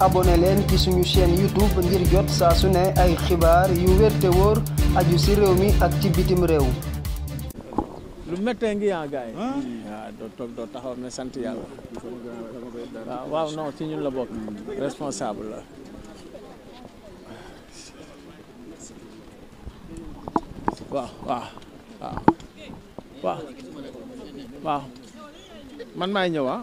abonné leen ci suñu chaîne YouTube ngir jot saa su ne ay xibaar yu wér te aju ci réew mi ak ci bitim réew. lu méttee ngi yaa gars yi. toog doo taxaw mais sant yàlla. waaw waaw non ci ñun la waaw man maay ñëw ah.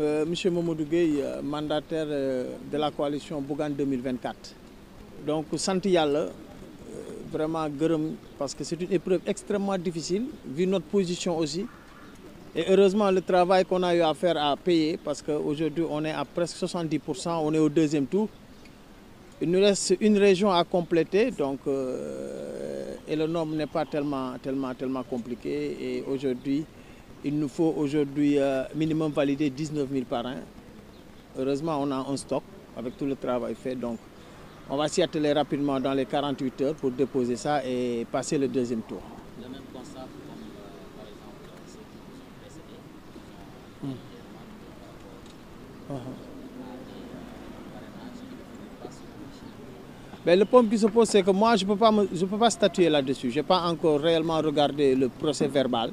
Euh, monsieur Mamadou Gueye euh, euh, de la coalition Bougane 2024 donc sant yàlla vraiment gërëm parce que c'est une épreuve extrêmement difficile vu position aussi et le travail qu'on a à faire parce que aujourd'hui on est à presque 70 pour cent on est au deuxième une région à compléter donc euh, et le nombre n'est pas tellement tellement tellement Il nous faut aujourd'hui euh, minimum valider 19 000 Heureusement, on a un stock avec tout le travail fait. Donc, on va s'y atteler rapidement dans les 48 heures pour déposer ça et passer le deuxième tour. Le même constat comme euh, par exemple euh, ceux qui le problème je ne peux, pas statuer là-dessus. Je pas encore réellement regardé le procès verbal.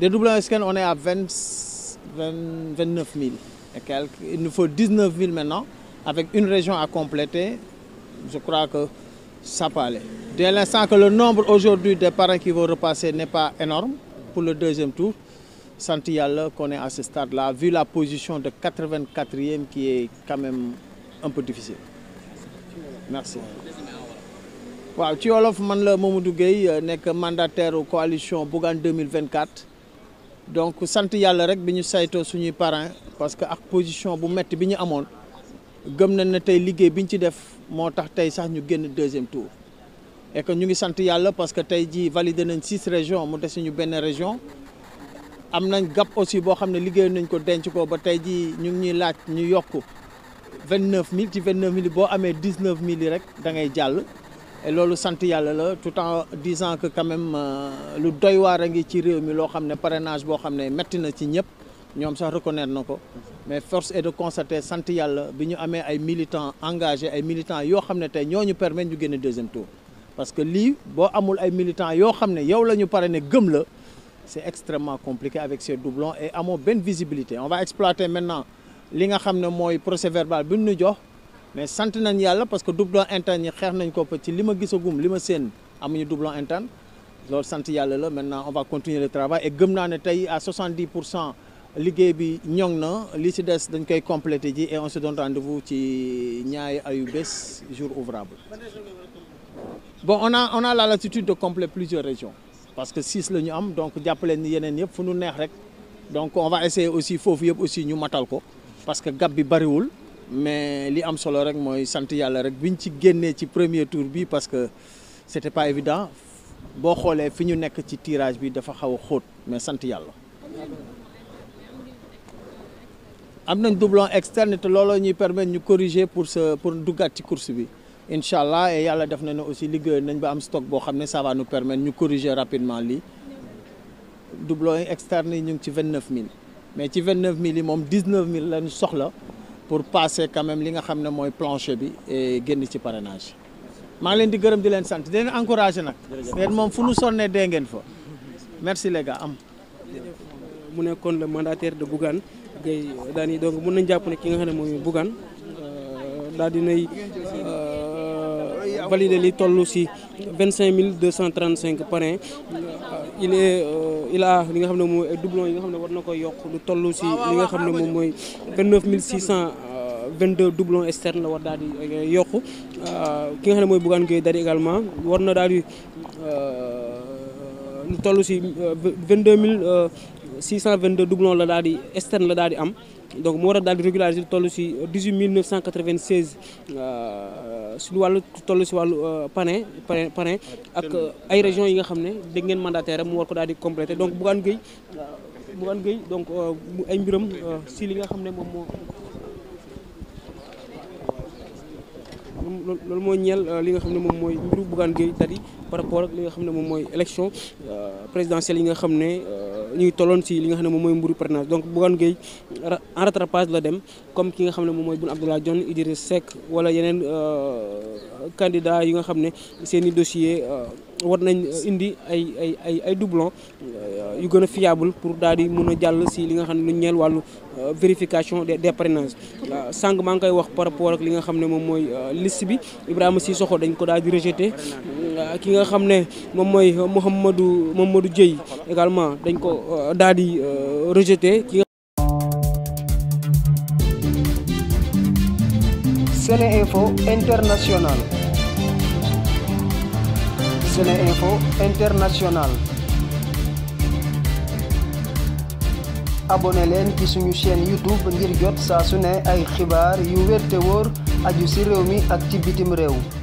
Des doubles américaines, on est à 20, 20, 29 000 et quelques. Il nous une région à Je crois que ça peut aller. Dès nombre aujourd'hui des parents qui vont repasser n'est pas le deuxième tour, sant yàlla qu'on est à ce stade la position de 84e qui est quand même un peu difficile. Merci. waaw ci wolof man la Mamadou Gueye euh, nekk mandataire coalition Bougane donc sant yàlla rek bi ñu saytoo suñuy parent parce que ak position bu metti bi ñu amoon gëm nañ ne tey liggéey bi ñu ci def moo tax tey sax ñu génn deuxième tour et que ñu ngi sant yàlla parce que tey jii validé nañ six région mu des suñu benn région am nañ gàpp aussi boo xam ne liggéey nañ ko denc ko ba tey jii ñu ngi ñuy laaj ñu yokk vingt neuf mille ci vingt neuf mille boo amee dix neuf mille rek da ngay jàll loolu sant yàlla la tout en disant que quand même euh, lu doy waar a ngi ci réew mi loo xam ne parrainage boo xam ne metti na ci ñëpp ñoom sax reconnaître na ko mais force et de constater sant yàlla bi ñu amee ay militants engagés ay militants yoo xam ne tey ñoo ñu permettre ñu génne deuxième tour parce que lii boo amul ay militants yoo xam ne yow la ñu ne gëm la c'est extrêmement compliqué avec ces doublons et amoo benn visibilité on va exploiter maintenant li nga xam ne mooy procès verbal bi ñu jox mais sant nañ yàlla parce que doublon interne yi xeex nañ ko ci li ma gisagum li ma séen amuñu doublon interne loolu sant yàlla la maintenant on va continuer le travail et gëm naa ne tey à 70 pour cent liggéey bi ñoŋ na li si des dañ koy complété ji et on se donne rendez-vous ci ñaari ayu bés jour ouvrable bon on a on a la latitude de compléter plusieurs régions parce que six la ñu am donc jàppaleen ni yeneen yëpp fu nu neex rek donc on va essayer aussi foofu yëpp aussi ñu matal ko parce que gab bi bariwul mais li am solo rek mooy sant yàlla rek biñ ci génnee ci premier tour bi parce que c'était pas évident boo xoolee fi ñu nekk ci tirage bi dafa xaw a xóot mais sant yàlla. am nañ doublon externe te looloo ñuy permettre ñu corriger pour sa pour duggat ci course bi incha allah yàlla def na ne aussi liggéey nañ ba am stock boo xam ne ça va nous permettre ñu corriger rapidement lii doublon externe yi ñu ngi ci vingt neuf mille mais ci vingt neuf mille yi moom dix neuf mille lañ soxla. pour passer quand même li nga xam ne mooy plancher bi et génn ci parrainage maa ngi leen di gërëm di leen sant di leen encouragé nag ngeen moom fu nu sonnee dee ngeen fa merci les gars am mu nekkoon le mandataire de Bougane Gueye Dany donc mën nañ jàpp ne ki nga xam ne moom mooy Bougane euh, daal dinay euh, validé li toll si vingt cinq mille deux cent trente cinq parrain il est euh, il li nga xam ne mooy doublon yi nga xam ne war na koy yokk lu toll si ah, li nga xam ne moom mooy vingt neuf mille six cent 22 euh, doublon externe la war daal di euh, yokku ki nga xam ne mooy Bougane Gueye Dany également war na daal di lu toll si 22 mille 622 doublon la daal di externe la daal di am donc moo war daal di régulariser toll si 18 996 euh, si lu wàllu toll si wàllu euh, parrain parrain ak ay régions yi nga xam ne dégg ngeen mandataire mu war ko daal di complété donc Bougane Gueye euh, Bougane Gueye donc ay mbiram si li nga xam ne moom moo loolu moo ñeel li nga xam ne moom mooy mbiru Bougane Gueye Dany par rapport li nga xam ne moom mooy élection présidentielle yi nga xam ne ñuy tolloon si li nga xam ne moom mooy mburu parrainage donc Bougane Gueye en rattrapage la dem comme ki nga xam ne moom mooy Boun Abdallah Dionne Idriss Seck wala yeneen euh, candidat yi nga xam ne seen i dossier euh, war nañ euh, indi ay ay ay ay doublon yu gën a fiable mën jàll si li nga xam ne lu ñeel wàllu vérification des des parrainages sànq maa ngi koy wax par rapport ak li nga xam ne moom mooy list bi si Sissoko dañ ko daal di rejeté ki nga xam ne moom mooy Mouhamadou Mamadou Dieye également dañ ko euh, daal di euh, rejeté. Sene Info International. Sene Info leen ci suñu chaîne YouTube ngir jot saa su ne ay xibaar yu werte te wóor aju ci réew mi ak ci bitim réew.